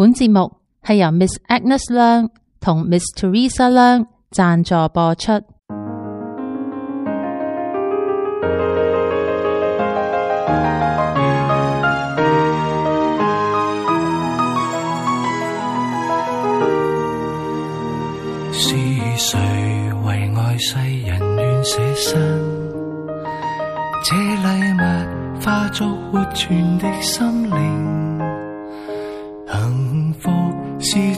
本節目係由 Miss Agnes 梁同 Miss Teresa 梁贊助播出。是誰為愛世人願捨身？這禮物化作活存的心。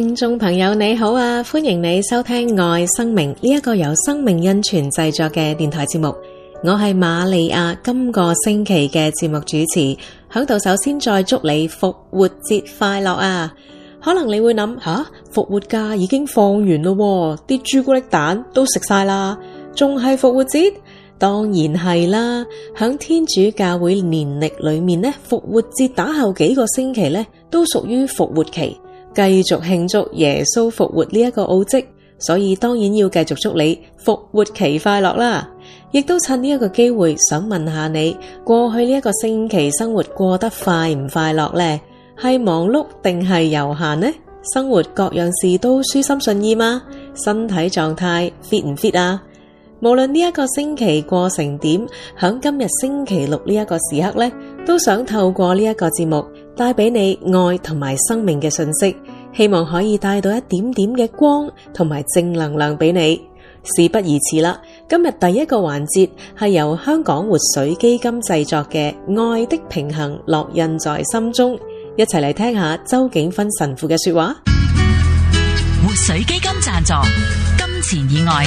聽眾朋友你好啊，歡迎你收聽愛生命呢一、這個由生命恩泉製作嘅電台節目，我係瑪利亞。今、這個星期嘅節目主持響度，首先再祝你復活節快樂啊！可能你會諗吓、啊、復活假已經放完咯，啲朱古力蛋都食晒啦，仲係復活節？當然係啦，響天主教會年曆裏面咧，復活節打後幾個星期咧，都屬於復活期。繼續慶祝耶穌復活呢一個奧蹟，所以當然要繼續祝你復活期快樂啦！亦都趁呢一個機會，想問下你，過去呢一個星期生活過得快唔快樂呢？係忙碌定係悠閒呢？生活各樣事都舒心順意嗎？身體狀態 fit 唔 fit 啊？無論呢一個星期過成點，喺今日星期六呢一個時刻咧，都想透過呢一個節目帶俾你愛同埋生命嘅信息，希望可以帶到一點點嘅光同埋正能量俾你。事不宜遲啦，今日第一個環節係由香港活水基金製作嘅《愛的平衡烙印在心中》，一齊嚟聽下周景芬神父嘅說話。活水基金贊助，金錢以外。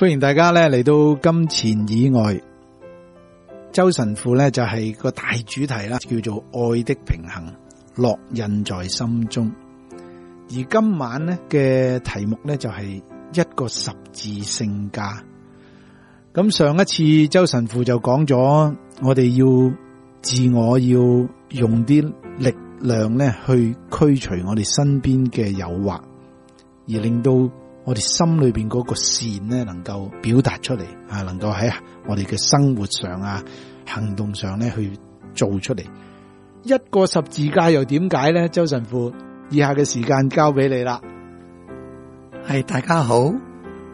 歡迎大家咧嚟到金錢以外，周神父咧就係個大主題啦，叫做愛的平衡，烙印在心中。而今晚咧嘅題目咧就係一個十字聖架。咁上一次周神父就講咗，我哋要自我要用啲力量咧去驅除我哋身邊嘅誘惑，而令到。我哋心裏邊嗰個善呢，能夠表達出嚟啊，能夠喺我哋嘅生活上啊、行動上呢，去做出嚟。一個十字架又點解,解呢？周神父，以下嘅時間交俾你啦。係大家好，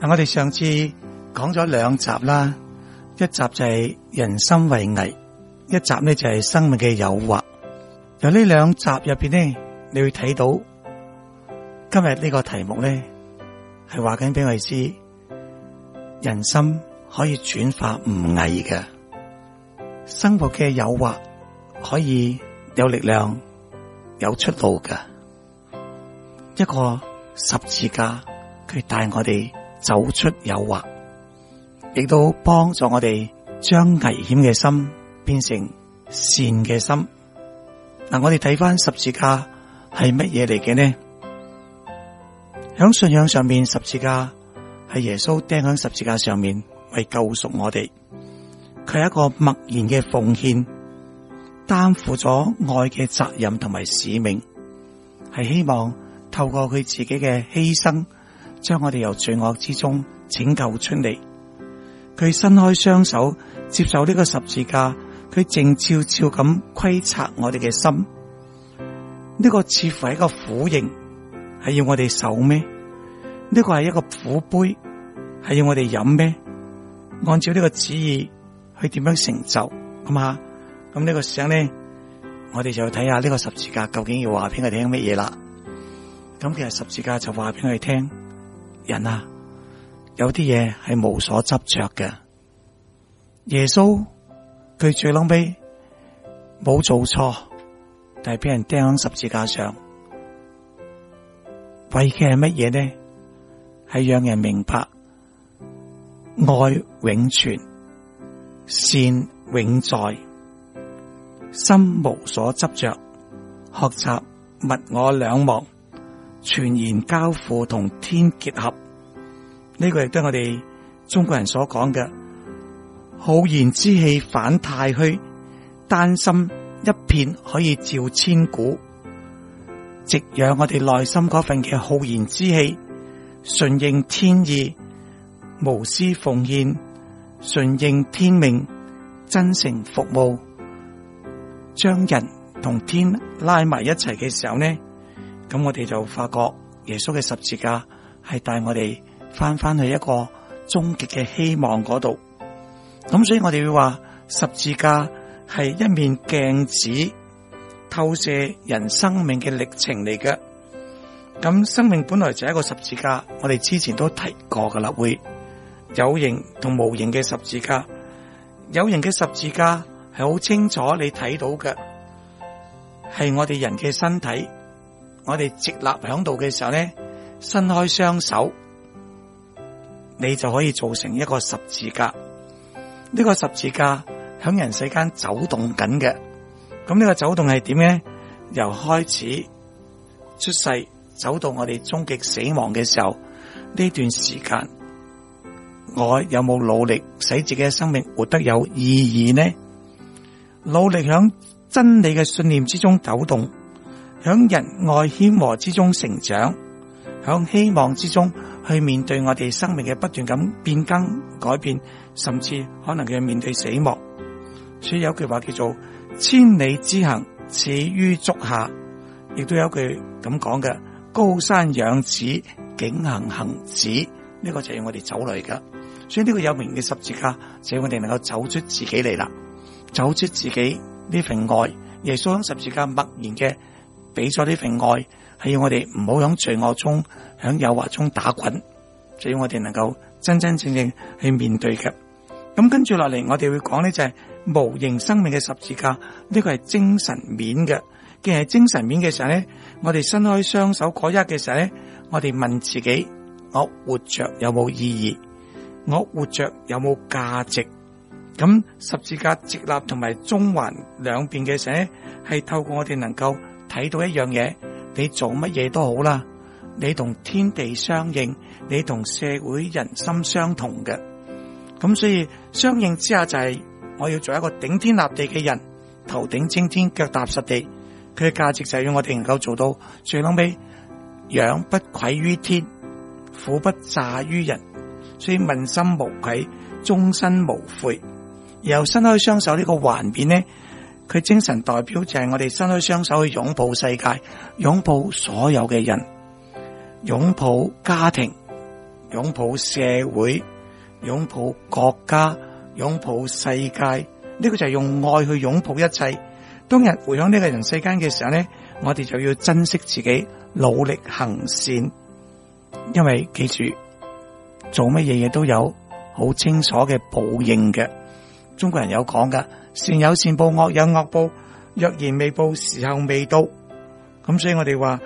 嗱，我哋上次講咗兩集啦，一集就係人心為危，一集呢就係生命嘅誘惑。由呢兩集入邊呢，你會睇到今日呢個題目呢？係話緊俾我知，人心可以轉化唔危嘅，生活嘅誘惑可以有力量，有出路嘅。一個十字架，佢帶我哋走出誘惑，亦都幫助我哋將危險嘅心變成善嘅心。嗱、啊，我哋睇翻十字架係乜嘢嚟嘅呢？喺信仰上面十字架，係耶穌釘響十字架上面，為救贖我哋，佢係一個默然嘅奉獻，擔負咗愛嘅責任同埋使命，係希望透過佢自己嘅犧牲，將我哋由罪惡之中拯救出嚟。佢伸開雙手，接受呢個十字架，佢靜悄悄咁窺察我哋嘅心，呢、這個似乎係一個苦刑。係要我哋受咩？呢個係一個苦杯，係要我哋飲咩？按照呢個旨意去點樣成就，咁、嗯、啊？咁、嗯，這個、呢個時候咧，我哋就睇下呢個十字架究竟要話俾佢聽乜嘢啦。咁、嗯、其實十字架就話俾佢聽，人啊，有啲嘢係無所執着嘅。耶穌佢最尾冇做錯，但係俾人釘喺十字架上。為嘅係乜嘢呢？係讓人明白愛永存，善永在，心無所執着，學習物我兩忘，全然交付同天結合。呢個亦都係我哋中國人所講嘅，浩然之氣反太虛，丹心一片可以照千古。滋養我哋內心嗰份嘅浩然之氣，順應天意，無私奉獻，順應天命，真誠服務，將人同天拉埋一齊嘅時候呢，咁我哋就發覺耶穌嘅十字架係帶我哋翻翻去一個終極嘅希望嗰度。咁所以我哋會話十字架係一面鏡子。透射人生命嘅歷程嚟嘅，咁生命本來就係一個十字架，我哋之前都提過噶啦，會有形同無形嘅十字架，有形嘅十字架係好清楚你睇到嘅，係我哋人嘅身體，我哋直立響度嘅時候咧，伸開雙手，你就可以造成一個十字架，呢個十字架響人世間走動緊嘅。咁呢個走動係點呢？由開始出世走到我哋終極死亡嘅時候，呢段時間，我有冇努力使自己嘅生命活得有意義呢？努力響真理嘅信念之中走動，響仁愛謙和之中成長，響希望之中去面對我哋生命嘅不斷咁變更改變，甚至可能去面對死亡。所以有句話叫做，千里之行，始於足下。亦都有句咁講嘅：高山仰止，景行行止。呢個就係我哋走嚟噶。所以呢個有名嘅十字架，就要我哋能夠走出自己嚟啦。走出自己呢份愛，耶穌響十字架默然嘅俾咗呢份愛，係要我哋唔好響罪惡中，響誘惑中打滾，就要我哋能夠真真正正去面對嘅。咁跟住落嚟，我哋會講呢就係。無形生命嘅十字架，呢個係精神面嘅。既然係精神面嘅時候咧，我哋伸開雙手嗰一嘅時候咧，我哋問自己：我活着有冇意義？我活着有冇價值？咁十字架直立同埋中環兩邊嘅時候咧，係透過我哋能夠睇到一樣嘢。你做乜嘢都好啦，你同天地相應，你同社會人心相同嘅。咁所以相應之下就係。我要做一個頂天立地嘅人，頭頂青天，腳踏實地。佢嘅價值就係要我哋能夠做到最後尾，仰不愧於天，俯不怍於人，所以問心無愧，終身無悔。由伸開雙手呢個畫面呢佢精神代表就係我哋伸開雙手去擁抱世界，擁抱所有嘅人，擁抱家庭，擁抱社會，擁抱國家。擁抱世界，呢個就係用愛去擁抱一切。當日回想呢個人世間嘅時候咧，我哋就要珍惜自己，努力行善。因為記住，做乜嘢嘢都有好清楚嘅報應嘅。中國人有講噶，善有善報，惡有惡報，若然未報，時候未到。咁所以我哋話，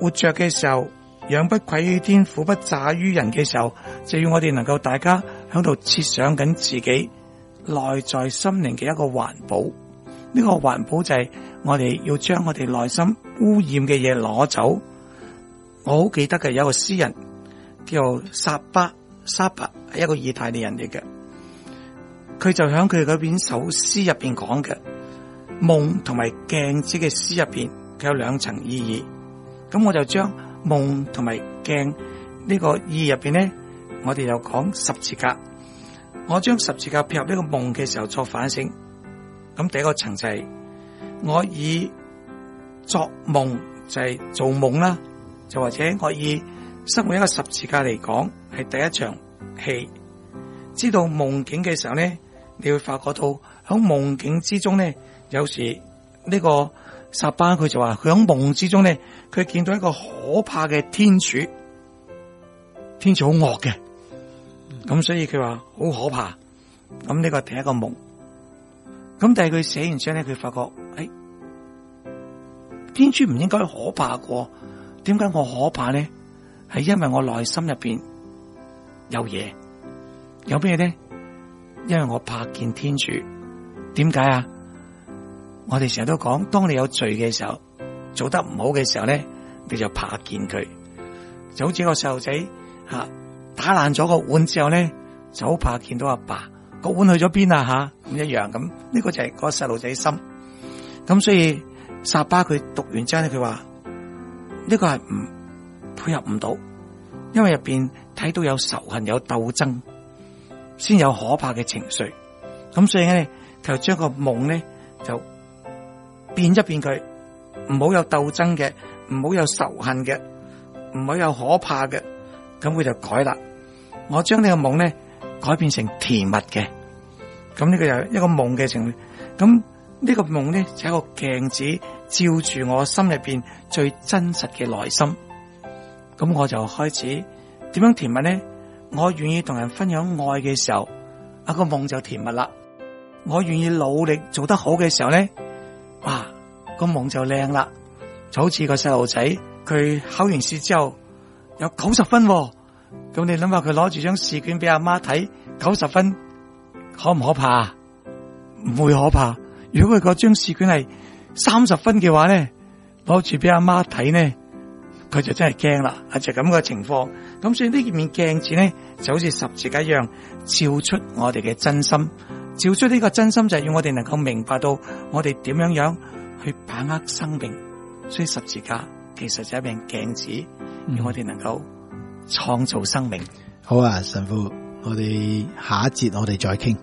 活着嘅時候，仰不愧於天，俯不怍於人嘅時候，就要我哋能夠大家。喺度設想緊自己內在心靈嘅一個環保，呢個環保就係我哋要將我哋內心污染嘅嘢攞走。我好記得嘅有一個詩人叫做薩巴、薩巴，係一個意大利人嚟嘅。佢就響佢嗰篇首詩入邊講嘅夢同埋鏡子嘅詩入邊，佢有兩層意義。咁我就將夢同埋鏡呢個意義入邊咧。我哋又講十字架，我將十字架配入呢個夢嘅時候作反省，咁第一個層次，我以作夢就係做夢啦，就或者我以生活一個十字架嚟講係第一場戲，知道夢境嘅時候咧，你會發覺到喺夢境之中咧，有時呢個撒巴佢就話佢喺夢之中咧，佢見到一個可怕嘅天主，天主好惡嘅。咁所以佢話好可怕，咁呢個第一個夢。咁但係佢寫完章咧，佢發覺，誒、哎，天主唔應該可怕過，點解我可怕咧？係因為我內心入邊有嘢，有咩咧？因為我怕見天主。點解啊？我哋成日都講，當你有罪嘅時候，做得唔好嘅時候咧，你就怕見佢。就好似個細路仔，吓。打爛咗個碗之後咧，就好怕見到阿爸個碗去咗邊啊吓，咁一樣咁，呢個就係個細路仔心。咁所以薩巴佢讀完之後咧，佢話呢個係唔配合唔到，因為入邊睇到有仇恨、有鬥爭，先有可怕嘅情緒。咁所以咧，就將個夢咧就變一變佢，唔好有鬥爭嘅，唔好有仇恨嘅，唔好有可怕嘅。咁佢就改啦，我將呢個夢咧改變成甜蜜嘅，咁呢個又一個夢嘅情。咁呢個夢咧就係一個鏡子，照住我心入邊最真實嘅內心。咁我就開始點樣甜蜜咧？我願意同人分享愛嘅時候，啊個夢就甜蜜啦。我願意努力做得好嘅時候咧，啊，個夢就靚啦，就好似個細路仔佢考完試之後。有九十分喎，咁你諗下佢攞住張試卷俾阿媽睇，九十分可唔可怕？唔會可怕。如果佢嗰張試卷係三十分嘅話咧，攞住俾阿媽睇呢，佢就真係驚啦。就咁個情況，咁所以呢件面鏡子咧就好似十字架一樣，照出我哋嘅真心，照出呢個真心就係要我哋能夠明白到我哋點樣樣去把握生命，所以十字架。其實就係一面鏡子，我哋能夠創造生命。嗯、好啊，神父，我哋下一節我哋再傾。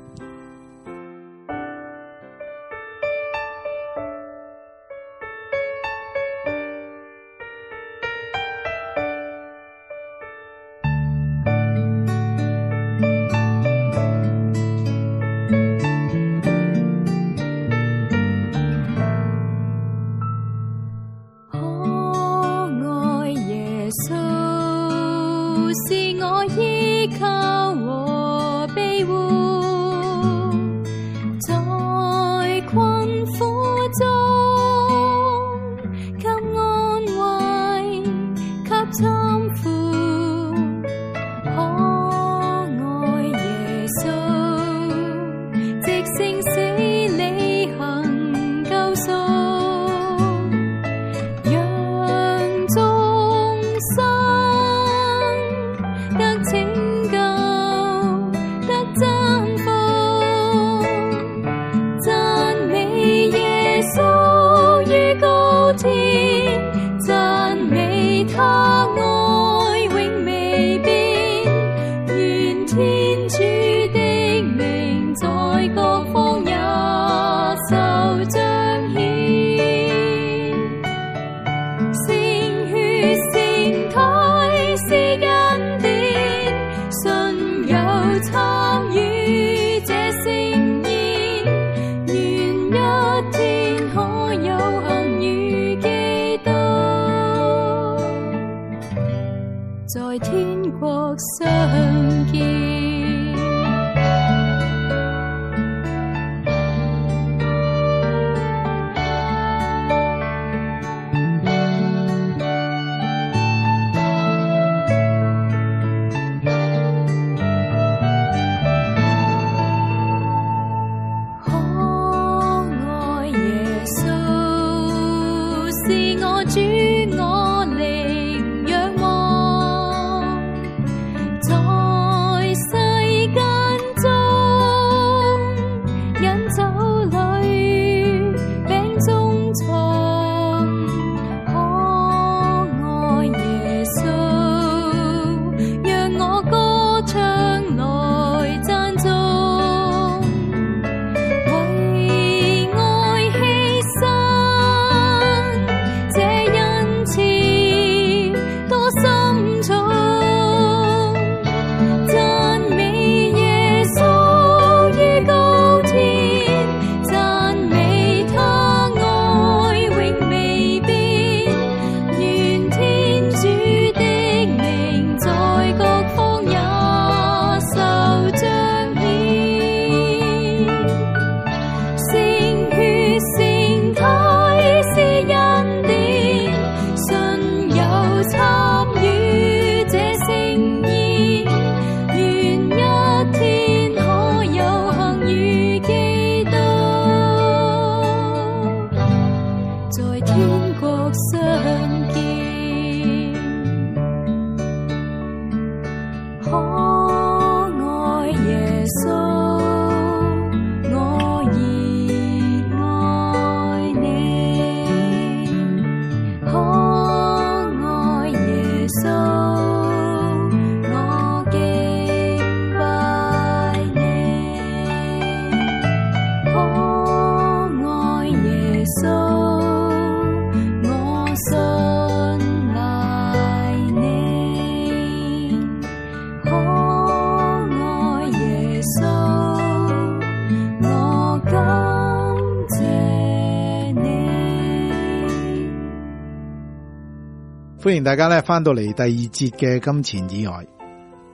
歡迎大家咧翻到嚟第二節嘅金錢以外，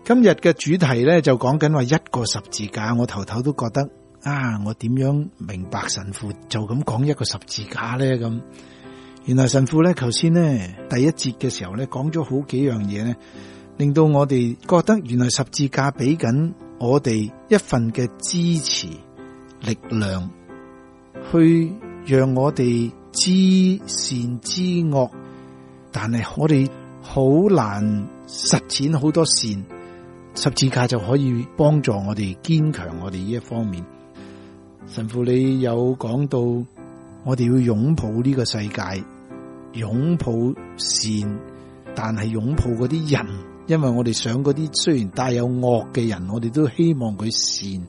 今日嘅主題咧就講緊話一個十字架。我頭頭都覺得啊，我點樣明白神父就咁講一個十字架咧？咁原來神父咧頭先咧第一節嘅時候咧講咗好幾樣嘢咧，令到我哋覺得原來十字架俾緊我哋一份嘅支持力量，去讓我哋知善知惡。但係我哋好難實踐好多善，十字架就可以幫助我哋堅強我哋呢一方面。神父你有講到，我哋要擁抱呢個世界，擁抱善，但係擁抱嗰啲人，因為我哋想嗰啲雖然帶有惡嘅人，我哋都希望佢善，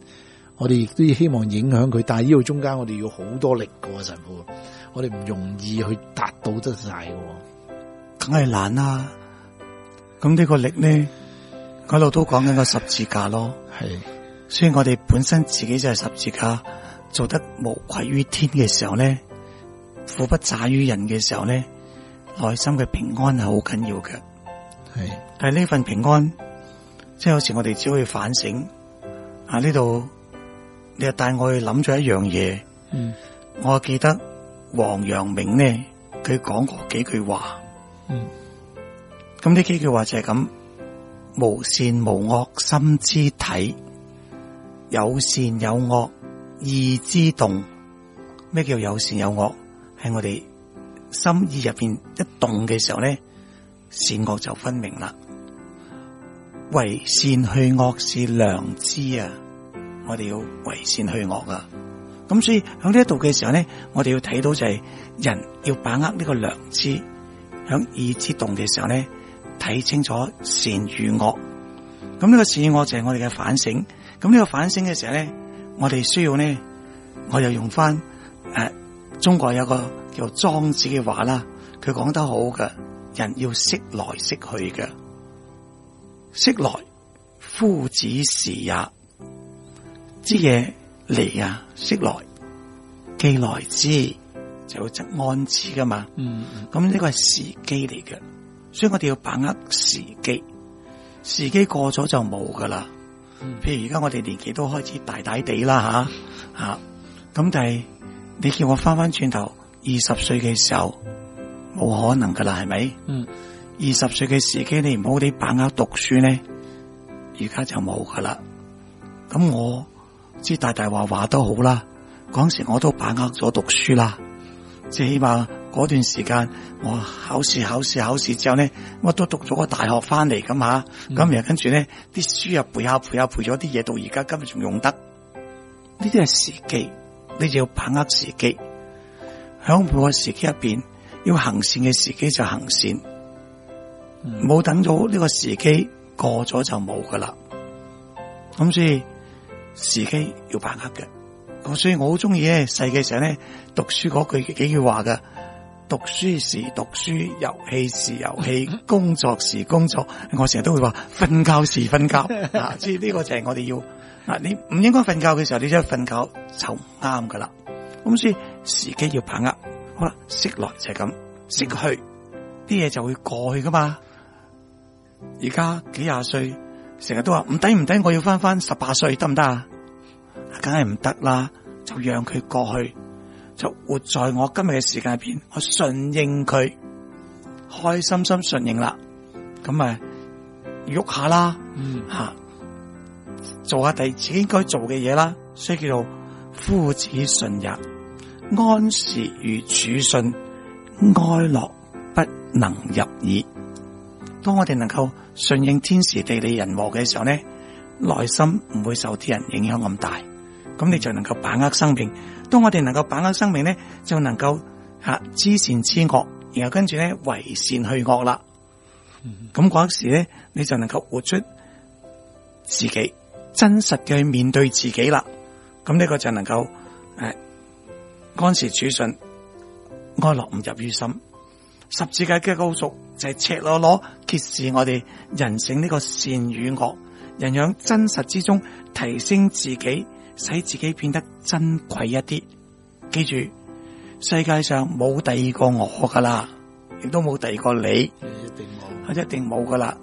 我哋亦都希望影響佢。但係呢度中間我哋要好多力過神父，我哋唔容易去達到得晒嘅。梗係難啦、啊，咁呢個力呢，嗰度都講緊個十字架咯。係，雖然我哋本身自己就係十字架，做得無愧於天嘅時候咧，俯不怍於人嘅時候咧，內心嘅平安係好緊要嘅。係的，但係呢份平安，即、就、係、是、好似我哋只可以反省。啊呢度，你又帶我去諗咗一樣嘢。嗯，我記得王陽明呢，佢講過幾句話。嗯，咁呢幾句話就係咁，無善無惡，心之體，有善有惡，意之動。咩叫有善有惡？喺我哋心意入邊一動嘅時候咧，善惡就分明啦。為善去惡是良知啊！我哋要為善去惡啊！咁所以喺呢一度嘅時候咧，我哋要睇到就係人要把握呢個良知。響意之動嘅時候咧，睇清楚善與惡。咁、這、呢個善與惡就係我哋嘅反省。咁、這、呢個反省嘅時候咧，我哋需要咧，我又用返誒、啊，中國有個叫莊子嘅話啦，佢講得好嘅，人要識來識去嘅，識來夫子時也，之嘢嚟啊，識來既來之。就會則安置噶嘛，咁呢、嗯嗯、個係時機嚟嘅，所以我哋要把握時機，時機過咗就冇噶啦。嗯、譬如而家我哋年紀都開始大大地啦吓吓，咁、啊啊、但係你叫我翻翻轉頭二十歲嘅時候，冇可能噶啦係咪？二十歲嘅時機你唔好哋把握讀書咧，而家就冇噶啦。咁我知大大話話都好啦，嗰時我都把握咗讀書啦。即起碼嗰段時間，我考試、考試、考試之後咧，我都讀咗個大學翻嚟噶嘛，咁、嗯、然後跟住咧，啲書又背下背下背咗啲嘢，到而家今日仲用得。呢啲係時機，你就要把握時機。響呢個時機入邊，要行善嘅時機就行善，冇、嗯、等到呢個時機過咗就冇噶啦。咁所以時機要把握嘅。咁所以我好中意咧細嘅時候咧讀書嗰句幾句話嘅，讀書時讀書，遊戲時遊戲，工作時工作，我成日都會話，瞓覺時瞓覺， 啊，所以呢個就係我哋要，啊，你唔應該瞓覺嘅時候，你即係瞓覺就唔啱噶啦，咁所以時機要把握，好啦，識來就係咁，識去啲嘢就會過去噶嘛，而家幾廿歲，成日都話唔抵唔抵，我要翻翻十八歲得唔得啊？行梗係唔得啦，就讓佢過去，就活在我今日嘅時間入邊，我順應佢，開心心順應啦。咁、嗯、啊，喐下啦，吓，做下第自己應該做嘅嘢啦。所以叫做夫子順也，安時如處順，哀樂不能入耳。當我哋能夠順應天時、地利、人和嘅時候咧，內心唔會受啲人影響咁大。咁你就能夠把握生命。當我哋能夠把握生命咧，就能夠吓知善知惡，然後跟住咧為善去惡啦。咁嗰、嗯、時咧，你就能夠活出自己真實嘅去面對自己啦。咁呢個就能夠誒安、哎、時處順，哀樂唔入於心。十字架嘅高俗就係、是、赤裸裸揭示我哋人性呢個善與惡，人樣真實之中提升自己。使自己變得珍貴一啲，記住，世界上冇第二個我噶啦，亦都冇第二個你，嗯、一定冇，一定冇噶啦。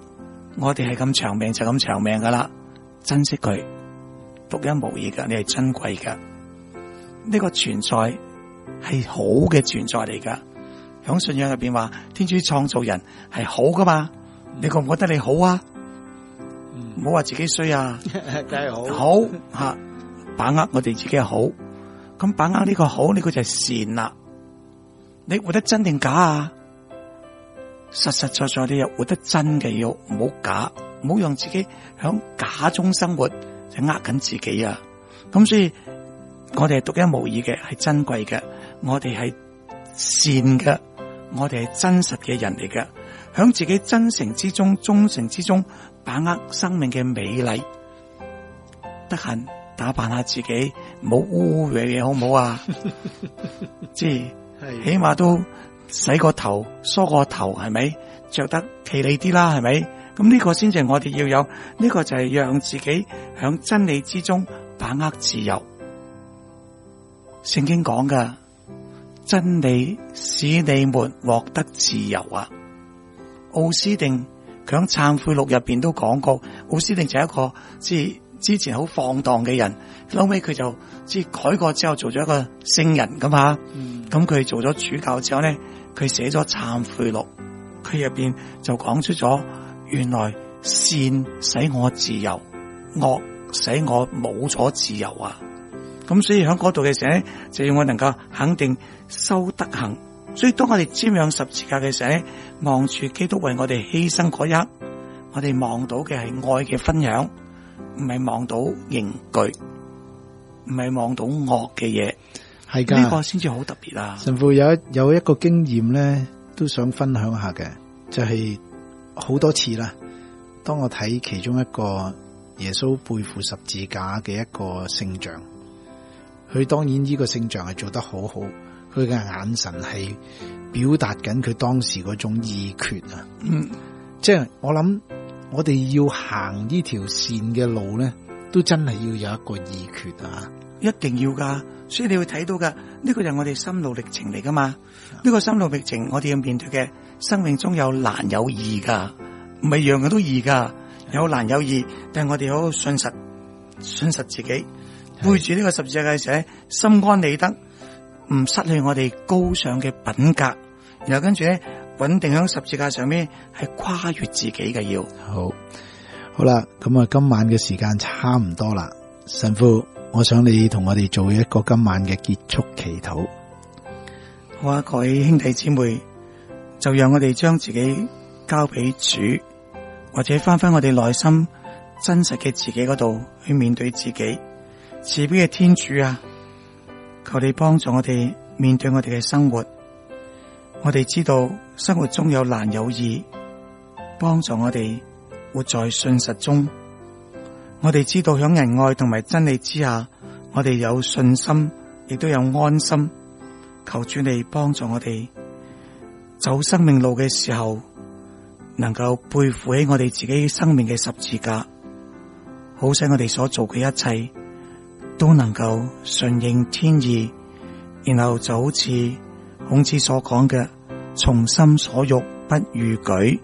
我哋係咁長命就咁長命噶啦，珍惜佢，獨一無二噶，你係珍貴噶，呢、這個存在係好嘅存在嚟噶。響信仰入邊話，天主創造人係好噶嘛。嗯、你覺唔覺得你好啊？唔好話自己衰啊，梗係 好吓。好 把握我哋自己好，咁把握呢個好，呢個就係善啦。你活得真定假啊？實實在在，你又活得真嘅，要唔好假，唔好讓自己響假中生活，就呃緊自己啊！咁所以，我哋係獨一無二嘅，係珍貴嘅，我哋係善嘅，我哋係真實嘅人嚟嘅，響自己真誠之中、忠誠之中，把握生命嘅美麗，得閒。打扮下自己，唔好污嘢嘢，好唔好啊？即係起碼都洗個頭、梳個頭，係咪着得企理啲啦？係咪？咁呢個先至我哋要有，呢、呢個就係讓自己響真理之中把握自由。聖經講嘅真理使你們獲得自由啊。奧斯定喺懺悔錄入邊都講過，奧斯定就係一個即係。之前好放蕩嘅人，後尾佢就即係改過之後做咗一個聖人噶嘛，咁佢、嗯、做咗主教之後咧，佢寫咗懺悔錄，佢入邊就講出咗原來善使我自由，惡使我冇咗自由啊！咁所以喺嗰度嘅寫就要我能夠肯定修德行。所以當我哋瞻仰十字架嘅時，望住基督為我哋犧牲嗰一刻，我哋望到嘅係愛嘅分享。唔係望到刑具，唔係望到惡嘅嘢，係噶，呢個先至好特別啦。神父有有一個經驗咧，都想分享下嘅，就係好多次啦。當我睇其中一個耶穌背負十字架嘅一個聖像，佢當然呢個聖像係做得好好，佢嘅眼神係表達緊佢當時嗰種意決啊。嗯，即係我諗。我哋要行呢條線嘅路咧，都真係要有一個意決啊！一定要噶，所以你會睇到噶，呢、這個就係我哋心路歷程嚟噶嘛。呢是的 個心路歷程，我哋要面對嘅生命中有難有易噶，唔係樣樣都易噶，有難有易，但係我哋好好信實，信實自己背住呢個十字架嘅時候，心安理得，唔失去我哋高尚嘅品格。然後跟住咧。穩定喺十字架上面，係跨越自己嘅。要好好啦。咁啊，今晚嘅時間差唔多啦。神父，我想你同我哋做一個今晚嘅結束祈禱。好啊，各位兄弟姊妹，就讓我哋將自己交俾主，或者翻翻我哋內心真實嘅自己嗰度去面對自己。慈悲嘅天主啊，求你幫助我哋面對我哋嘅生活。我哋知道。生活中有難有易，幫助我哋活在信實中。我哋知道響仁愛同埋真理之下，我哋有信心，亦都有安心。求主你幫助我哋走生命路嘅時候，能夠背負起我哋自己生命嘅十字架，好使我哋所做嘅一切都能夠順應天意，然後就好似孔子所講嘅。從心所欲不逾矩，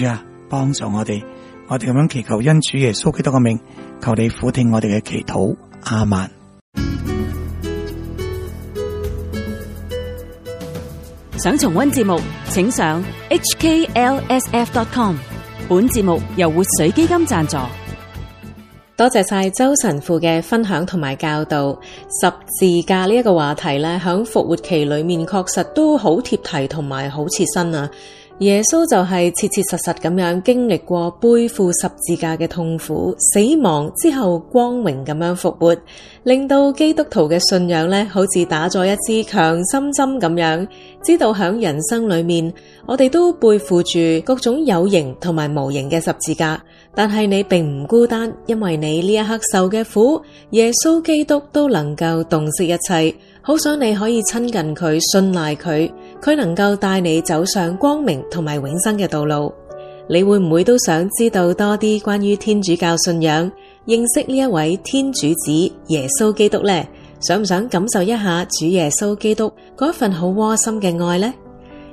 主啊，幫助我哋，我哋咁樣祈求，因主耶穌基督個命，求你俯聽我哋嘅祈禱，阿曼。想重溫節目，請上 hklsf.com。本節目由活水基金贊助。多謝晒周神父嘅分享同埋教導，十字架呢一個話題咧，響復活期裏面確實都好貼題同埋好切身啊！耶穌就係切切實實咁樣經歷過背負十字架嘅痛苦、死亡之後光榮咁樣復活，令到基督徒嘅信仰咧，好似打咗一支強心針咁樣。知道喺人生裏面，我哋都背負住各種有形同埋無形嘅十字架，但係你並唔孤單，因為你呢一刻受嘅苦，耶穌基督都能夠洞悉一切。好想你可以親近佢、信賴佢。佢能夠帶你走上光明同埋永生嘅道路。你會唔會都想知道多啲關於天主教信仰，認識呢一位天主子耶穌基督呢？想唔想感受一下主耶穌基督嗰份好窩心嘅愛呢？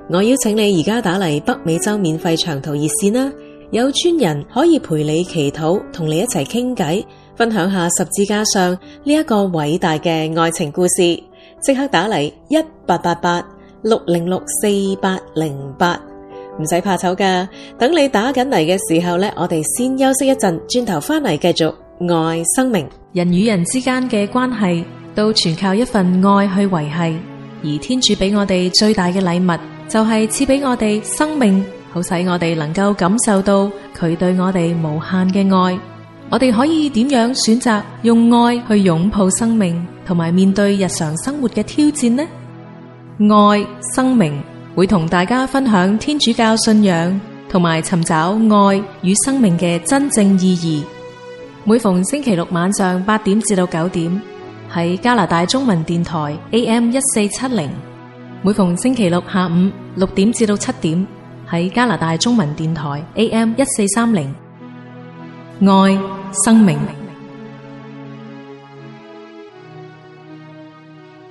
我邀請你而家打嚟北美洲免費長途熱線啦，有專人可以陪你祈禱，同你一齊傾偈，分享下十字架上呢一個偉大嘅愛情故事。即刻打嚟一八八八。六零六四八零八，唔使怕醜噶。等你打緊嚟嘅時候咧，我哋先休息一陣，轉頭翻嚟繼續愛生命。人與人之間嘅關係，都全靠一份愛去維繫。而天主俾我哋最大嘅禮物，就係賜俾我哋生命，好使我哋能夠感受到佢對我哋無限嘅愛。我哋可以點樣選擇用愛去擁抱生命，同埋面對日常生活嘅挑戰呢？愛生命會同大家分享天主教信仰同埋尋找愛與生命嘅真正意義。每逢星期六晚上八點至到九點喺加拿大中文電台 AM 一四七零，每逢星期六下午六點至到七點喺加拿大中文電台 AM 一四三零。愛生命。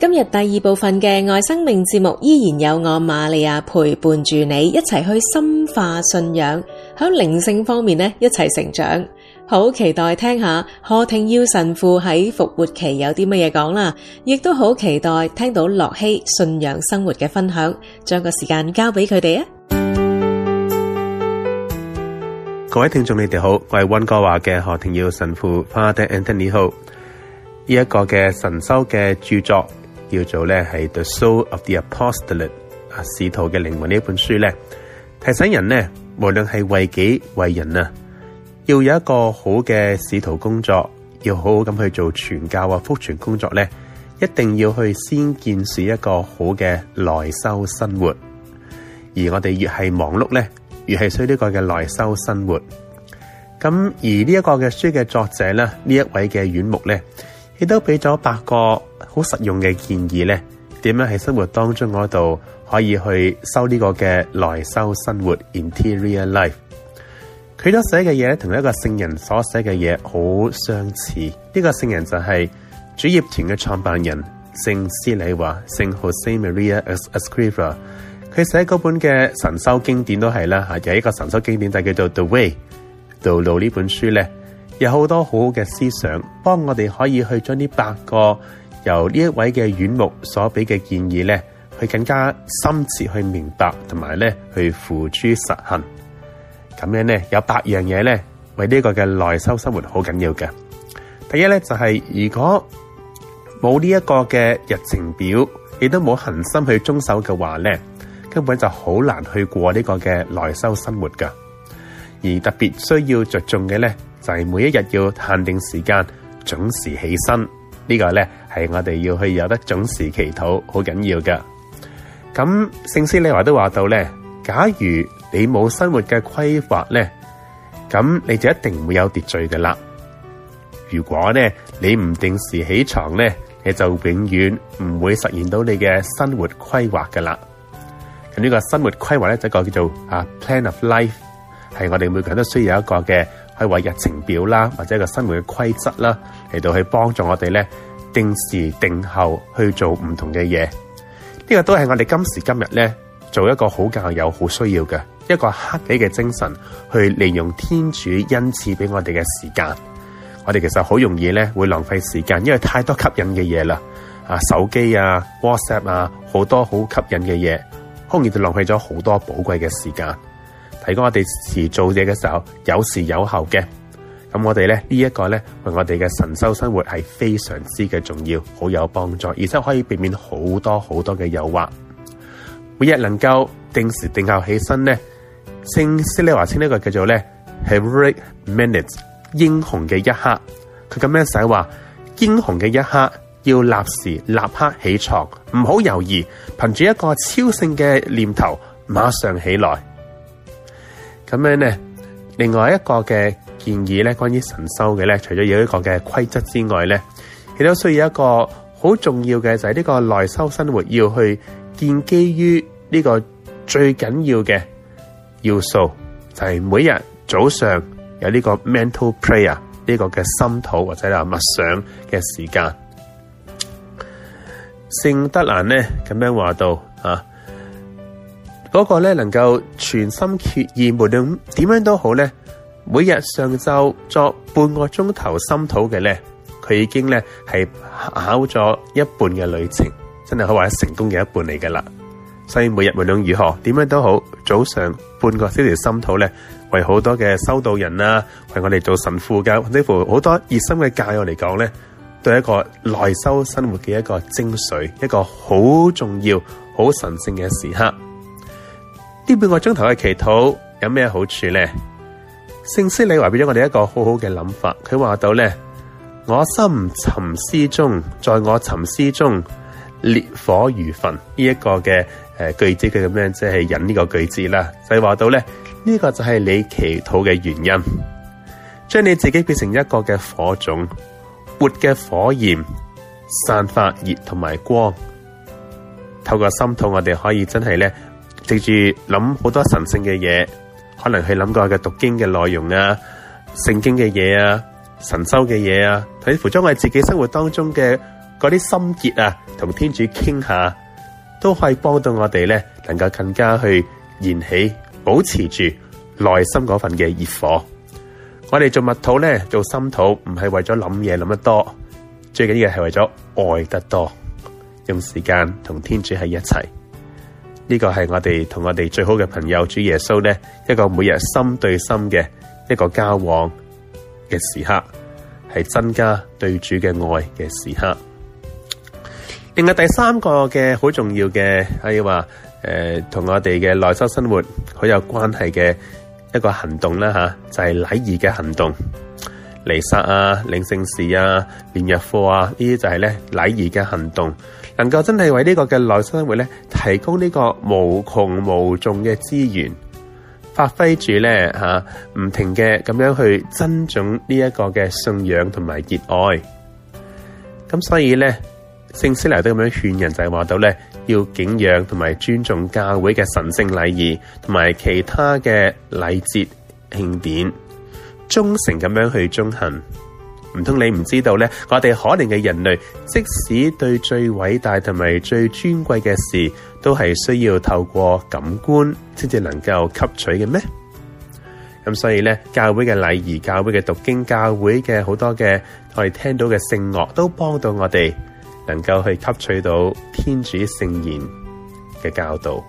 今日第二部分嘅外生命節目依然有我瑪利亞陪伴住你，一齊去深化信仰，響靈性方面咧一齊成長。好期待聽下何廷耀神父喺復活期有啲乜嘢講啦，亦都好期待聽到樂希信仰生活嘅分享。將個時間交俾佢哋啊！各位聽眾，你哋好，我係溫哥華嘅何廷耀神父 Father Anthony 好。好呢一個嘅神修嘅著作。叫做咧係《The Soul of the Apostolate》啊，使徒嘅靈魂呢一本書咧，提醒人咧，無論係為己為人啊，要有一個好嘅使徒工作，要好好咁去做傳教或福傳工作咧，一定要去先建設一個好嘅內修生活。而我哋越係忙碌咧，越係需要呢個嘅內修生活。咁而呢一個嘅書嘅作者咧，呢一位嘅院牧咧，亦都俾咗八個。好實用嘅建議咧，點樣喺生活當中嗰度可以去修呢個嘅內修生活 （interior life）？佢都寫嘅嘢同一個聖人所寫嘅嘢好相似。呢個聖人就係主業團嘅創辦人聖施禮華聖何塞·瑪麗亞·埃斯奎弗。佢寫嗰本嘅神修經典都係啦，嚇有一個神修經典就叫做《The Way》。道路呢本書咧，有好多好嘅思想，幫我哋可以去將呢八個。由呢一位嘅院牧所俾嘅建議咧，去更加深切去明白，同埋咧去付諸實行。咁樣咧，有八樣嘢咧，為呢個嘅內修生活好緊要嘅。第一咧，就係、是、如果冇呢一個嘅日程表，亦都冇恒心去遵守嘅話咧，根本就好難去過呢個嘅內修生活噶。而特別需要着重嘅咧，就係、是、每一日要限定時間，準時起身。個呢個咧，係我哋要去有得準時祈禱，好緊要噶。咁聖施禮華都話到咧，假如你冇生活嘅規劃咧，咁你就一定唔會有秩序噶啦。如果咧你唔定時起床咧，你就永遠唔會實現到你嘅生活規劃噶啦。咁呢個生活規劃咧就一個叫做啊 plan of life，係我哋每個人都需要一個嘅。去畫日程表啦，或者一個生活嘅規則啦，嚟到去幫助我哋咧定時定候去做唔同嘅嘢。呢、呢個都係我哋今時今日咧做一個好教友好需要嘅一個克己嘅精神，去利用天主恩賜俾我哋嘅時間。我哋其實好容易咧會浪費時間，因為太多吸引嘅嘢啦，啊手機啊 WhatsApp 啊好多好吸引嘅嘢，好容易都浪費咗好多寶貴嘅時間。提供我哋時做嘢嘅時候有始有效嘅，咁我哋咧呢一、這個咧，為我哋嘅神修生活係非常之嘅重要，好有幫助，而且可以避免好多好多嘅誘惑。每日能夠定時定候起身咧，聖施禮華稱呢個叫做咧係 “heroic minute” 英雄嘅一刻。佢咁樣寫話，英雄嘅一刻要立時立刻起床，唔好猶豫，憑住一個超性嘅念頭，馬上起來。咁樣咧，另外一個嘅建議咧，關於神修嘅咧，除咗有一個嘅規則之外咧，亦都需要一個好重要嘅就係呢個內修生活要去建基於呢個最緊要嘅要素，就係、是、每日早上有呢個 mental prayer 呢個嘅心禱，或者係默想嘅時間。聖德蘭咧咁樣話到。啊。嗰個咧能夠全心決意，無論點樣都好咧，每日上晝作半個鐘頭心土嘅咧，佢已經咧係跑咗一半嘅旅程，真係可話成功嘅一半嚟噶啦。所以每日無論如何點樣都好，早上半個小時心土咧，為好多嘅修道人啊，為我哋做神父嘅，甚至乎好多熱心嘅教友嚟講咧，對一個內修生活嘅一個精髓，一個好重要、好神聖嘅時刻。呢半個鐘頭嘅祈禱有咩好處咧？聖詩你話俾咗我哋一個好好嘅諗法，佢話到咧，我心沉思中，在我沉思中，烈火如焚，呢、這、一個嘅誒、呃、句子佢咁樣即係引呢個句子啦，就係話到咧，呢、這個就係你祈禱嘅原因，將你自己變成一個嘅火種，活嘅火焰，散發熱同埋光，透過心痛，我哋可以真係咧。食住諗好多神聖嘅嘢，可能去諗過嘅讀經嘅內容啊、聖經嘅嘢啊、神修嘅嘢啊，睇乎咗我哋自己生活當中嘅嗰啲心結啊，同天主傾下，都可以幫到我哋咧，能夠更加去燃起、保持住內心嗰份嘅熱火。我哋做默禱咧，做心禱，唔係為咗諗嘢諗得多，最緊要係為咗愛得多，用時間同天主喺一齊。呢個係我哋同我哋最好嘅朋友主耶穌咧，一個每日心對心嘅一個交往嘅時刻，係增加對主嘅愛嘅時刻。另外第三個嘅好重要嘅，可以話誒，同、呃、我哋嘅內修生活好有關係嘅一個行動啦，吓、啊、就係、是、禮儀嘅行動，彌撒啊、領聖事啊、連日課啊，呢啲就係咧禮儀嘅行動。能夠真係為呢個嘅內生活咧提供呢個無窮無盡嘅資源，發揮住咧吓，唔停嘅咁樣去增長呢一個嘅信仰同埋熱愛。咁所以咧，聖師嚟到咁樣勸人就係話到咧，要敬仰同埋尊重教會嘅神聖禮儀同埋其他嘅禮節慶典，忠誠咁樣去忠行。唔通你唔知道咧？我哋可憐嘅人類，即使對最偉大同埋最尊貴嘅事，都係需要透過感官先至能夠吸取嘅咩？咁所以咧，教會嘅禮儀、教會嘅讀經、教會嘅好多嘅，我哋聽到嘅聖樂都幫到我哋，能夠去吸取到天主聖言嘅教導。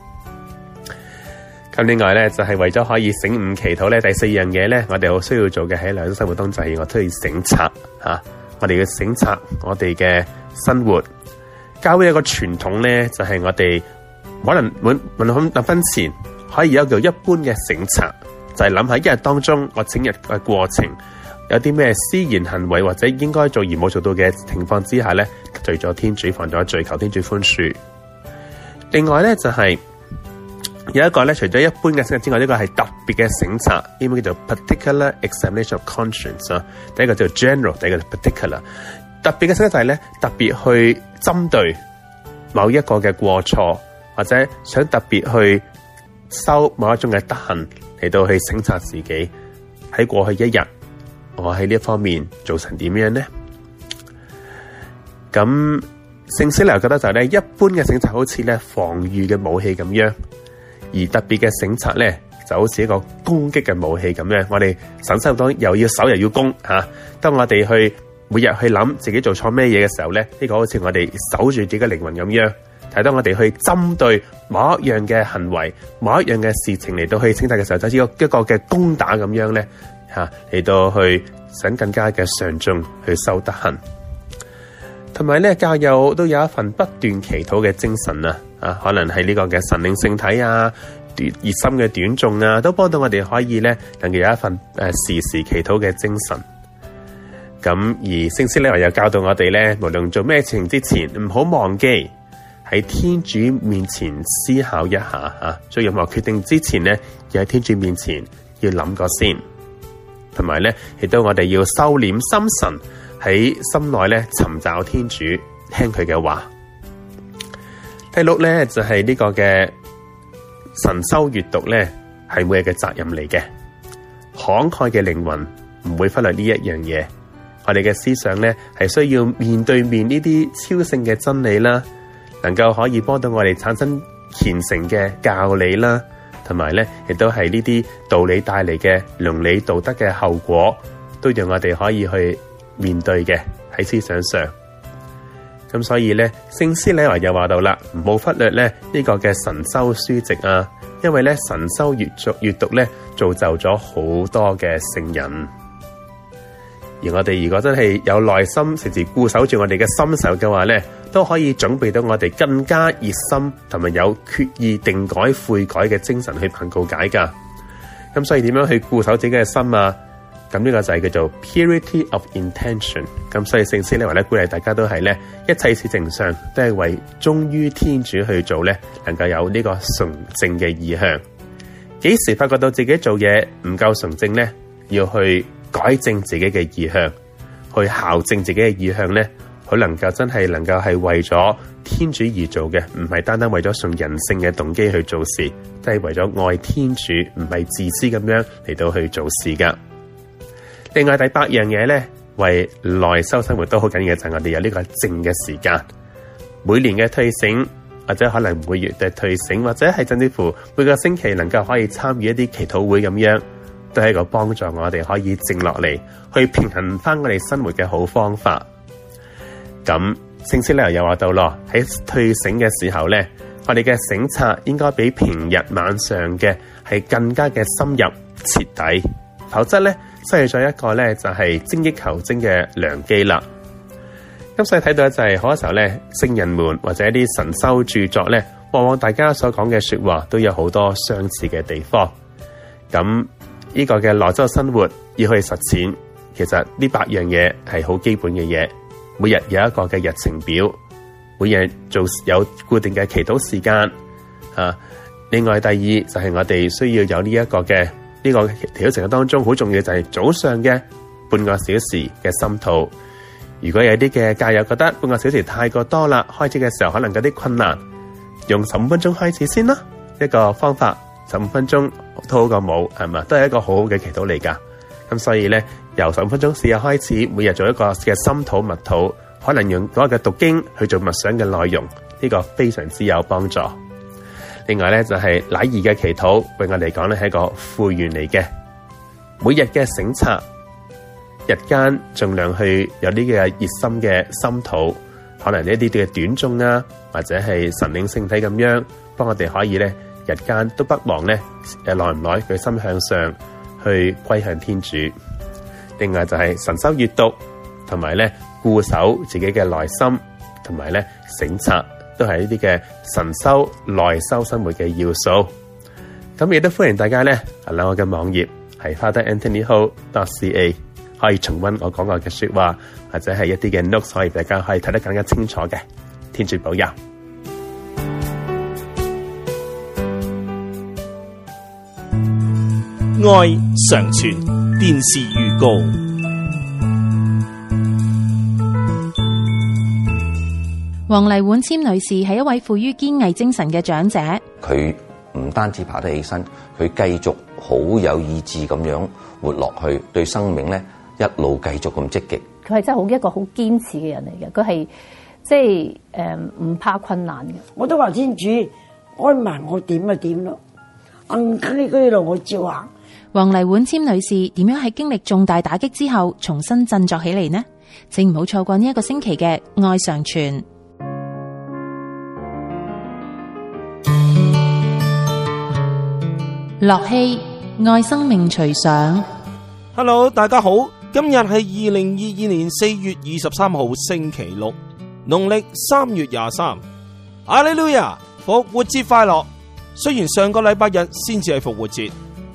咁另外咧，就係、是、為咗可以醒悟祈禱咧，第四樣嘢咧，我哋好需要做嘅喺日常生活中就係我都要省察吓，啊，我哋嘅省察，我哋嘅生活。教會有一個傳統咧，就係、是、我哋可能晚晚臨瞓前可以有一個叫做一般嘅省察，就係諗喺一日當中，我整日嘅過程有啲咩思言行為或者應該做而冇做到嘅情況之下咧，罪咗天主，犯咗罪，求天主寬恕。另外咧就係、是。有一個咧，除咗一般嘅審察之外，呢個係特別嘅審察，英文叫做 particular examination of conscience 啊。第一個叫做 general，第二個 particular，特別嘅審察就係咧特別去針對某一個嘅過錯，或者想特別去收某一種嘅德行嚟到去審察自己喺過去一日我喺呢一方面做成點樣咧？咁聖斯勞覺得就係咧一般嘅審察好似咧防禦嘅武器咁樣。而特別嘅省察咧，就好似一個攻擊嘅武器咁樣。我哋省察當又要守又要攻嚇，當我哋去每日去諗自己做錯咩嘢嘅時候咧，呢個好似我哋守住自己嘅靈魂咁樣。睇到我哋去針對某一樣嘅行為、某一樣嘅事情嚟到去省察嘅時候，就似一個一個嘅攻打咁樣咧嚇，嚟到去想更加嘅上進去修德行。同埋咧，教友都有一份不斷祈禱嘅精神啊！啊，可能係呢個嘅神領聖體啊，熱心嘅短誦啊，都幫到我哋可以咧，能夠有一份誒、啊、時時祈禱嘅精神。咁、啊、而聖師呢又教導我哋咧，無論做咩嘢事情之前，唔好忘記喺天主面前思考一下啊！做任何決定之前咧，要喺天主面前要諗過先，同埋咧亦都我哋要收斂心神喺心內咧尋找天主，聽佢嘅話。第六呢，就係、是、呢個嘅神修閱讀呢係每日嘅責任嚟嘅，慷慨嘅靈魂唔會忽略呢一樣嘢，我哋嘅思想呢，係需要面對面呢啲超性嘅真理啦，能夠可以幫到我哋產生虔誠嘅教理啦，同埋呢，亦都係呢啲道理帶嚟嘅倫理道德嘅後果，都讓我哋可以去面對嘅，喺思想上。咁所以咧，聖師呢位又話到啦，唔好忽略咧呢、這個嘅神修書籍啊，因為咧神修閱讀閱讀咧，造就咗好多嘅聖人。而我哋如果真係有耐心，時時固守住我哋嘅心手嘅話咧，都可以準備到我哋更加熱心同埋有決意定改悔改嘅精神去辦告解噶。咁所以點樣去固守自己嘅心啊？咁呢個就係叫做 purity of intention。咁所以聖師呢話咧，鼓勵大家都係咧，一切事情上都係為忠於天主去做咧，能夠有呢個純正嘅意向。幾時發覺到自己做嘢唔夠純正咧，要去改正自己嘅意向，去校正自己嘅意向咧，佢能夠真係能夠係為咗天主而做嘅，唔係單單為咗純人性嘅動機去做事，都係為咗愛天主，唔係自私咁樣嚟到去做事噶。另外，第八樣嘢咧，為內修生活都好緊要嘅，就係我哋有呢個靜嘅時間。每年嘅退省，或者可能每月嘅退省，或者係甚至乎每個星期能夠可以參與一啲祈禱會咁樣，都係一個幫助我哋可以靜落嚟去平衡返我哋生活嘅好方法。咁聖師咧又話到咯，喺退省嘅時候咧，我哋嘅省察應該比平日晚上嘅係更加嘅深入徹底，否則咧，失去咗一個咧，就係精益求精嘅良機啦。咁所以睇到就係，好多時候咧，聖人們或者一啲神修著作咧，往往大家所講嘅說話都有好多相似嘅地方。咁呢個嘅羅州生活要去實踐，其實呢八樣嘢係好基本嘅嘢。每日有一個嘅日程表，每日做有固定嘅祈禱時間。啊，另外第二就係我哋需要有呢一個嘅。呢個祈禱生活當中好重要就係早上嘅半個小時嘅心吐。如果有啲嘅教友覺得半個小時太過多啦，開始嘅時候可能有啲困難，用十五分鐘開始先啦，一個方法，十五分鐘都好過冇，係咪？都係一個好好嘅祈禱嚟噶。咁所以咧，由十五分鐘試下開始，每日做一個嘅心肚密肚，可能用嗰個嘅讀經去做默想嘅內容，呢、這個非常之有幫助。另外咧就係禮儀嘅祈禱，對我嚟講咧係一個富源嚟嘅。每日嘅省察，日間盡量去有啲嘅熱心嘅心禱，可能一啲嘅短誦啊，或者係神領聖體咁樣，幫我哋可以咧日間都不忘咧誒耐唔耐佢心向上去歸向天主。另外就係神修閱讀，同埋咧固守自己嘅內心，同埋咧省察。都係呢啲嘅神修、內修生活嘅要素，咁亦都歡迎大家咧瀏覽我嘅網頁，係 Father Anthony Ho dot C A，可以重温我講過嘅說話，或者係一啲嘅 notes，可以大家可以睇得更加清楚嘅。天主保佑，愛常傳，電視預告。黃麗婉簽女士係一位富於堅毅精神嘅長者。佢唔單止爬得起身，佢繼續好有意志咁樣活落去，對生命咧一路繼續咁積極。佢係真係好一個好堅持嘅人嚟嘅。佢係即係誒，唔怕困難嘅。我都話天主安埋我點就點咯，硬居居路我照行。黃麗婉簽女士點樣喺經歷重大打擊之後重新振作起嚟呢？請唔好錯過呢一個星期嘅愛上傳。樂器愛生命隨想。Hello，大家好。今日係二零二二年四月二十三號星期六，農曆三月廿三。阿利路亞，復活節快樂！雖然上個禮拜日先至係復活節，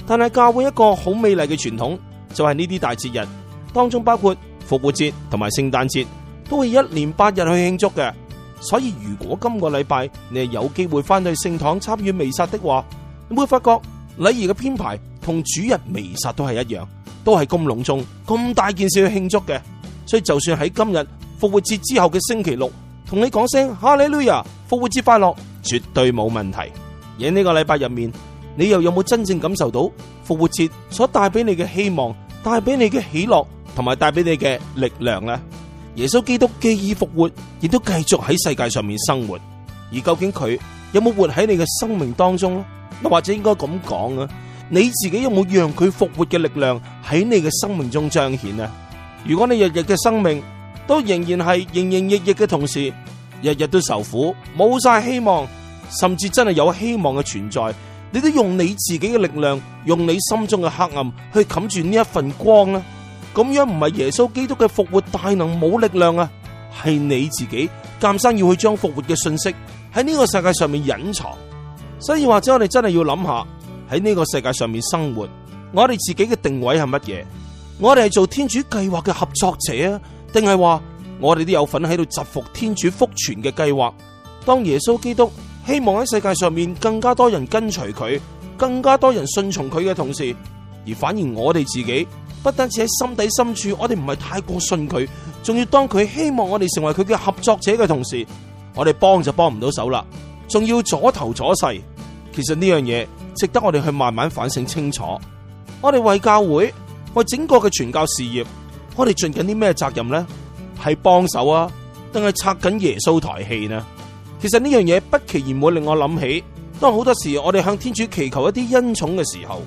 但係教會一個好美麗嘅傳統就係呢啲大節日當中包括復活節同埋聖誕節都會一連八日去慶祝嘅。所以如果今個禮拜你係有機會翻去聖堂參與彌撒的話，你會發覺。禮儀嘅編排同主日彌撒都係一樣，都係咁隆重、咁大件事去慶祝嘅，所以就算喺今日復活節之後嘅星期六，同你講聲哈利路亞，復活節快樂，絕對冇問題。而喺呢個禮拜入面，你又有冇真正感受到復活節所帶俾你嘅希望、帶俾你嘅喜樂同埋帶俾你嘅力量咧？耶穌基督既已復活，亦都繼續喺世界上面生活，而究竟佢有冇活喺你嘅生命當中咧？嗱，或者應該咁講啊，你自己有冇讓佢復活嘅力量喺你嘅生命中彰顯啊？如果你日日嘅生命都仍然係營營役役嘅同時，日日都受苦，冇晒希望，甚至真係有希望嘅存在，你都用你自己嘅力量，用你心中嘅黑暗去冚住呢一份光啊，咁樣唔係耶穌基督嘅復活大能冇力量啊，係你自己，監生要去將復活嘅信息喺呢個世界上面隱藏。所以或者我哋真係要諗下喺呢個世界上面生活，我哋自己嘅定位係乜嘢？我哋係做天主計劃嘅合作者啊，定係話我哋都有份喺度執服天主福傳嘅計劃？當耶穌基督希望喺世界上面更加多人跟隨佢，更加多人順從佢嘅同時，而反而我哋自己不單止喺心底深處，我哋唔係太過信佢，仲要當佢希望我哋成為佢嘅合作者嘅同時，我哋幫就幫唔到手啦。仲要左頭左勢，其實呢樣嘢值得我哋去慢慢反省清楚。我哋為教會、為整個嘅傳教事業，我哋盡緊啲咩責任呢？係幫手啊，定係拆緊耶穌台氣呢？其實呢樣嘢不期然會令我諗起，當好多時我哋向天主祈求一啲恩寵嘅時候，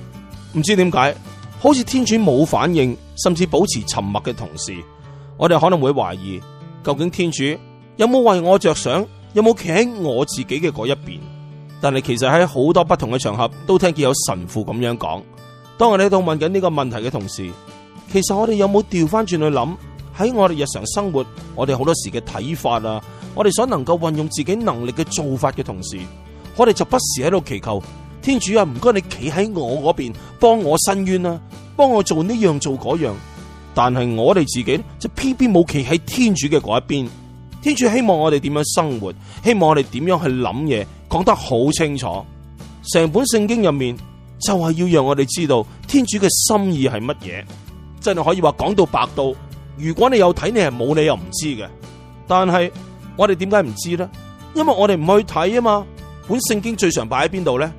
唔知點解，好似天主冇反應，甚至保持沉默嘅同時，我哋可能會懷疑，究竟天主有冇為我着想？有冇企喺我自己嘅嗰一邊？但係其實喺好多不同嘅場合，都聽見有神父咁樣講。當我哋喺度問緊呢個問題嘅同時，其實我哋有冇調翻轉去諗？喺我哋日常生活，我哋好多時嘅睇法啊，我哋所能夠運用自己能力嘅做法嘅同時，我哋就不時喺度祈求天主啊，唔該你企喺我嗰邊，幫我伸冤啊，幫我做呢樣做嗰樣。但係我哋自己就偏偏冇企喺天主嘅嗰一邊。天主希望我哋點樣生活，希望我哋點樣去諗嘢，講得好清楚。成本聖經入面就係要讓我哋知道天主嘅心意係乜嘢，真係可以話講到白到。如果你有睇，你係冇理由唔知嘅。但係我哋點解唔知咧？因為我哋唔去睇啊嘛。本聖經最常擺喺邊度咧？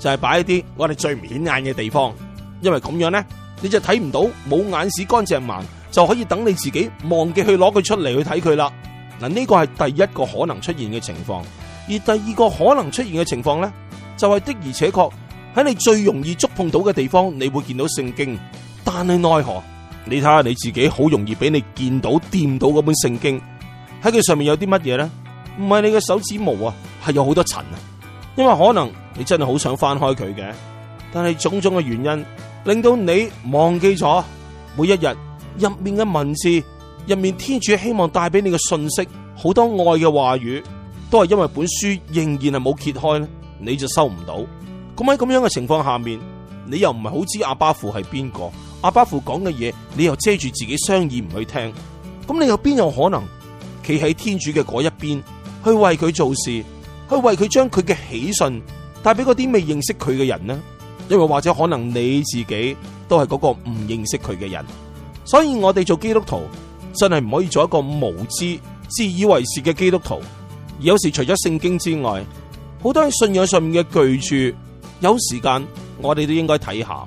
就係擺一啲我哋最唔顯眼嘅地方，因為咁樣咧，你就睇唔到，冇眼屎乾淨盲，就可以等你自己忘記去攞佢出嚟去睇佢啦。嗱，呢個係第一個可能出現嘅情況，而第二個可能出現嘅情況咧，就係、是、的而且確喺你最容易觸碰到嘅地方，你會見到聖經。但係奈何，你睇下你自己，好容易俾你見到掂到嗰本聖經，喺佢上面有啲乜嘢咧？唔係你嘅手指毛啊，係有好多塵啊。因為可能你真係好想翻開佢嘅，但係種種嘅原因令到你忘記咗每一日入面嘅文字。入面天主希望帶俾你嘅信息，好多愛嘅話語，都係因為本書仍然係冇揭開咧，你就收唔到。咁喺咁樣嘅情況下面，你又唔係好知阿巴父係邊個？阿巴父講嘅嘢，你又遮住自己雙耳唔去聽。咁你又邊有可能企喺天主嘅嗰一邊，去為佢做事，去為佢將佢嘅喜訊帶俾嗰啲未認識佢嘅人呢？因為或者可能你自己都係嗰個唔認識佢嘅人。所以我哋做基督徒。真係唔可以做一個無知、自以為是嘅基督徒，而有時除咗聖經之外，好多喺信仰上面嘅巨著，有時間我哋都應該睇下。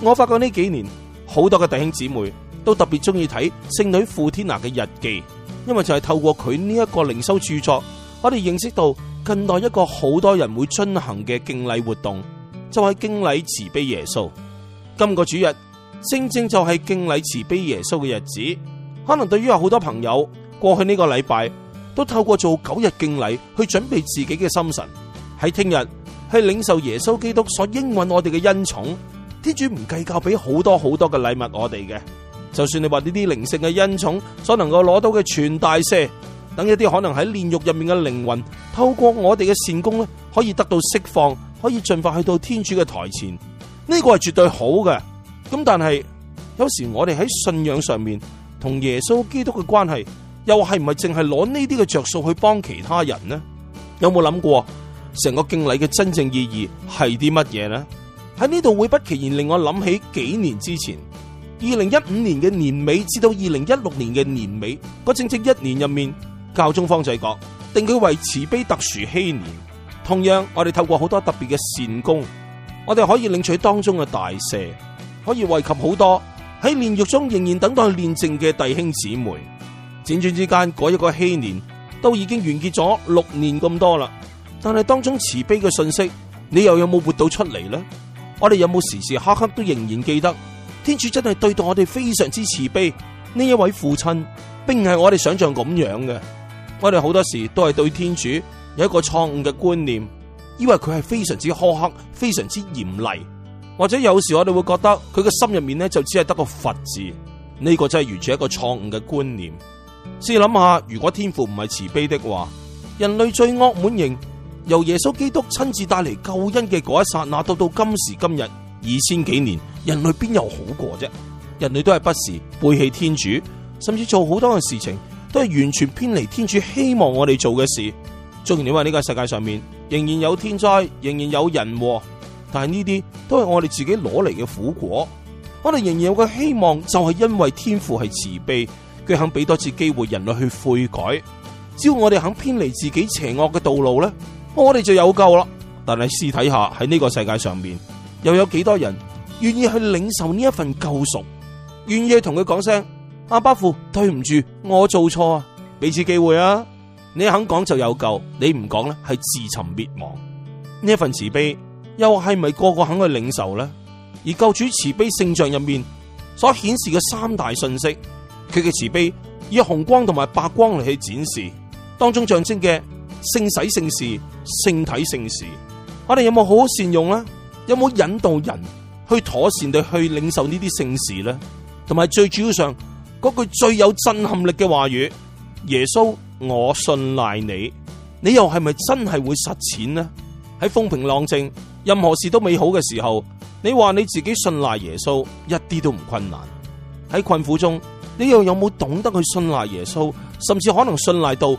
我發覺呢幾年好多嘅弟兄姊妹都特別中意睇聖女傅天娜嘅日記，因為就係透過佢呢一個靈修著作，我哋認識到近代一個好多人會進行嘅敬禮活動，就係敬禮慈悲耶穌。今個主日正正就係敬禮慈悲耶穌嘅日子。可能對於有好多朋友過去呢個禮拜都透過做九日敬禮去準備自己嘅心神，喺聽日係領受耶穌基督所應允我哋嘅恩寵，天主唔計較俾好多好多嘅禮物我哋嘅，就算你話呢啲靈性嘅恩寵所能夠攞到嘅全大赦，等一啲可能喺煉獄入面嘅靈魂透過我哋嘅善功咧，可以得到釋放，可以盡快去到天主嘅台前，呢、這個係絕對好嘅。咁但係有時我哋喺信仰上面。同耶穌基督嘅關係，又係唔係淨係攞呢啲嘅着數去幫其他人呢？有冇諗過成個敬禮嘅真正意義係啲乜嘢呢？喺呢度會不其然令我諗起幾年之前，二零一五年嘅年尾至到二零一六年嘅年尾，嗰正正一年入面，教宗方濟各定佢為慈悲特殊禧年。同樣，我哋透過好多特別嘅善功，我哋可以領取當中嘅大赦，可以惠及好多。喺煉獄中仍然等待煉淨嘅弟兄姊妹，輾轉之間，嗰一個禧年都已經完結咗六年咁多啦。但係當中慈悲嘅信息，你又有冇活到出嚟呢？我哋有冇時時刻刻都仍然記得天主真係對待我哋非常之慈悲呢一位父親，並唔係我哋想象咁樣嘅。我哋好多時都係對天主有一個錯誤嘅觀念，以為佢係非常之苛刻、非常之嚴厲。或者有時我哋會覺得佢個心入面咧就只係得個佛字，呢個真係完全一個錯誤嘅觀念。試諗下，如果天父唔係慈悲的話，人類罪惡滿盈，由耶穌基督親自帶嚟救恩嘅嗰一剎那到到今時今日二千幾年，人類邊有好過啫？人類都係不時背棄天主，甚至做好多嘅事情都係完全偏離天主希望我哋做嘅事。然你話呢個世界上面仍然有天災，仍然有人禍？但係呢啲都係我哋自己攞嚟嘅苦果，我哋仍然有個希望，就係因為天父係慈悲，佢肯俾多次機會人類去悔改。只要我哋肯偏離自己邪惡嘅道路咧，我哋就有救啦。但係試睇下喺呢個世界上面，又有幾多人願意去領受呢一份救贖？願意同佢講聲阿爸父，對唔住，我做錯啊，俾次機會啊！你肯講就有救，你唔講咧係自尋滅亡。呢一份慈悲，又係咪個個肯去領受呢？而救主慈悲聖像入面所顯示嘅三大信息，佢嘅慈悲以紅光同埋白光嚟去展示當中象徵嘅聖洗聖事、聖體聖事，我、啊、哋有冇好好善用呢？有冇引導人去妥善地去領受呢啲聖事呢？同埋最主要上嗰句最有震撼力嘅話語：耶穌，我信賴你，你又係咪真係會實踐呢？喺風平浪靜，任何事都美好嘅時候，你話你自己信賴耶穌一啲都唔困難。喺困苦中，你又有冇懂得去信賴耶穌？甚至可能信賴到呢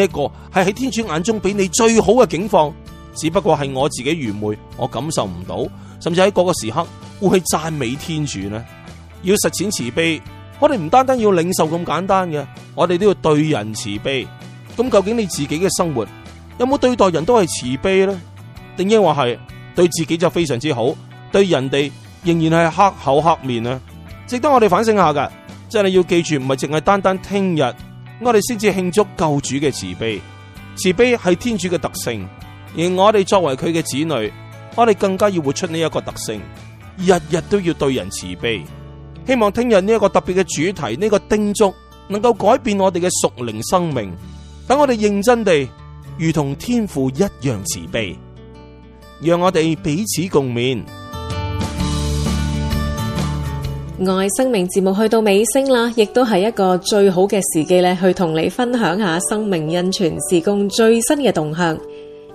一個係喺天主眼中俾你最好嘅境況，只不過係我自己愚昧，我感受唔到。甚至喺嗰個時刻會去讚美天主呢？要實踐慈悲，我哋唔單單要領受咁簡單嘅，我哋都要對人慈悲。咁究竟你自己嘅生活有冇對待人都係慈悲呢？定抑或係對自己就非常之好，對人哋仍然係黑口黑面啊！值得我哋反省下㗎，真係要記住，唔係淨係單單聽日，我哋先至慶祝救主嘅慈悲。慈悲係天主嘅特性，而我哋作為佢嘅子女，我哋更加要活出呢一個特性，日日都要對人慈悲。希望聽日呢一個特別嘅主題，呢個叮囑能夠改變我哋嘅屬靈生命，等我哋認真地如同天父一樣慈悲。讓我哋彼此共勉。愛生命節目去到尾聲啦，亦都係一個最好嘅時機咧，去同你分享下生命恩泉事工最新嘅動向。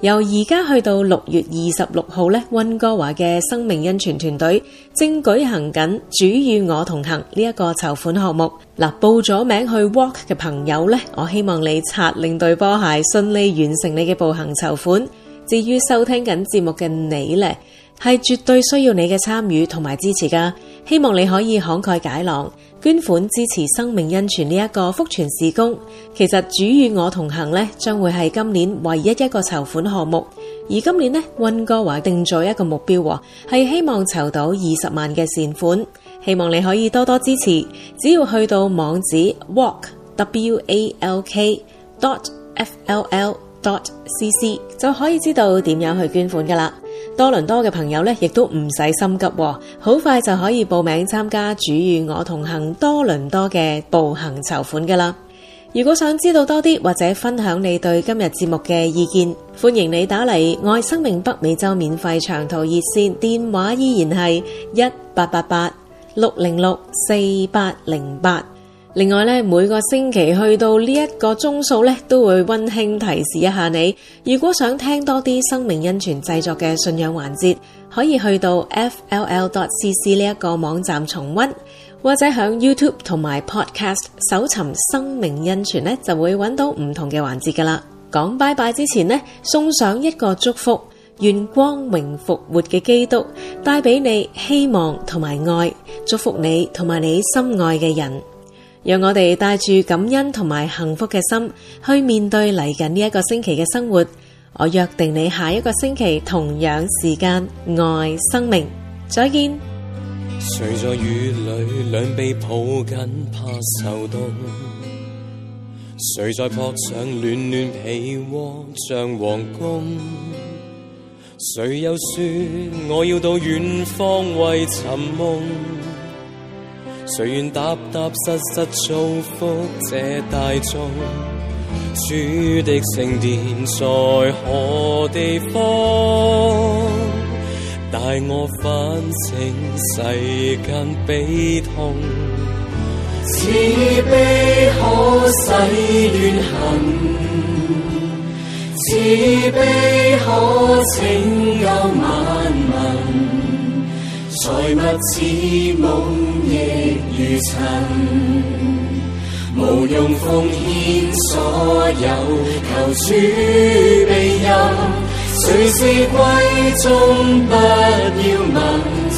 由而家去到六月二十六號咧，温哥華嘅生命恩泉團隊正舉行緊主與我同行呢一個籌款項目。嗱，報咗名去 walk 嘅朋友咧，我希望你擦亮對波鞋，順利完成你嘅步行籌款。至於收聽緊節目嘅你咧，係絕對需要你嘅參與同埋支持噶希望你可以慷慨解囊，捐款支持生命恩泉呢一個福傳事工。其實主與我同行呢，將會係今年唯一一個籌款項目。而今年呢，溫哥華定咗一個目標，係希望籌到二十萬嘅善款。希望你可以多多支持，只要去到網址 walk w a l k dot f l l。dot.cc 就可以知道點樣去捐款噶啦。多倫多嘅朋友咧，亦都唔使心急，哦，好快就可以報名參加主與我同行多倫多嘅步行籌款噶啦。如果想知道多啲或者分享你對今日節目嘅意見，歡迎你打嚟愛生命北美洲免費長途熱線，電話依然係一八八八六零六四八零八。另外咧，每個星期去到呢一個鐘數咧，都會温馨提示一下你。如果想聽多啲生命恩泉製作嘅信仰環節，可以去到 fll.cc 呢一個網站重温，或者響 YouTube 同埋 Podcast 搜尋生命恩泉咧，就會揾到唔同嘅環節噶啦。講拜拜之前呢，送上一個祝福，願光榮復活嘅基督帶俾你希望同埋愛，祝福你同埋你心愛嘅人。讓我哋帶住感恩同埋幸福嘅心去面對嚟緊呢一個星期嘅生活。我約定你下一個星期同樣時間，愛生命，再見。誰在雨裏兩臂抱緊怕受凍？誰在鋪上暖暖被窩像皇宮？誰又說我要到遠方為尋夢？誰願踏踏實實造福這大眾？主的聖殿在何地方？帶我反省世間悲痛，慈悲可洗怨恨，慈悲可拯救萬民。財物似夢亦如塵，無用奉獻所有，求主庇佑，誰是歸宗不要問。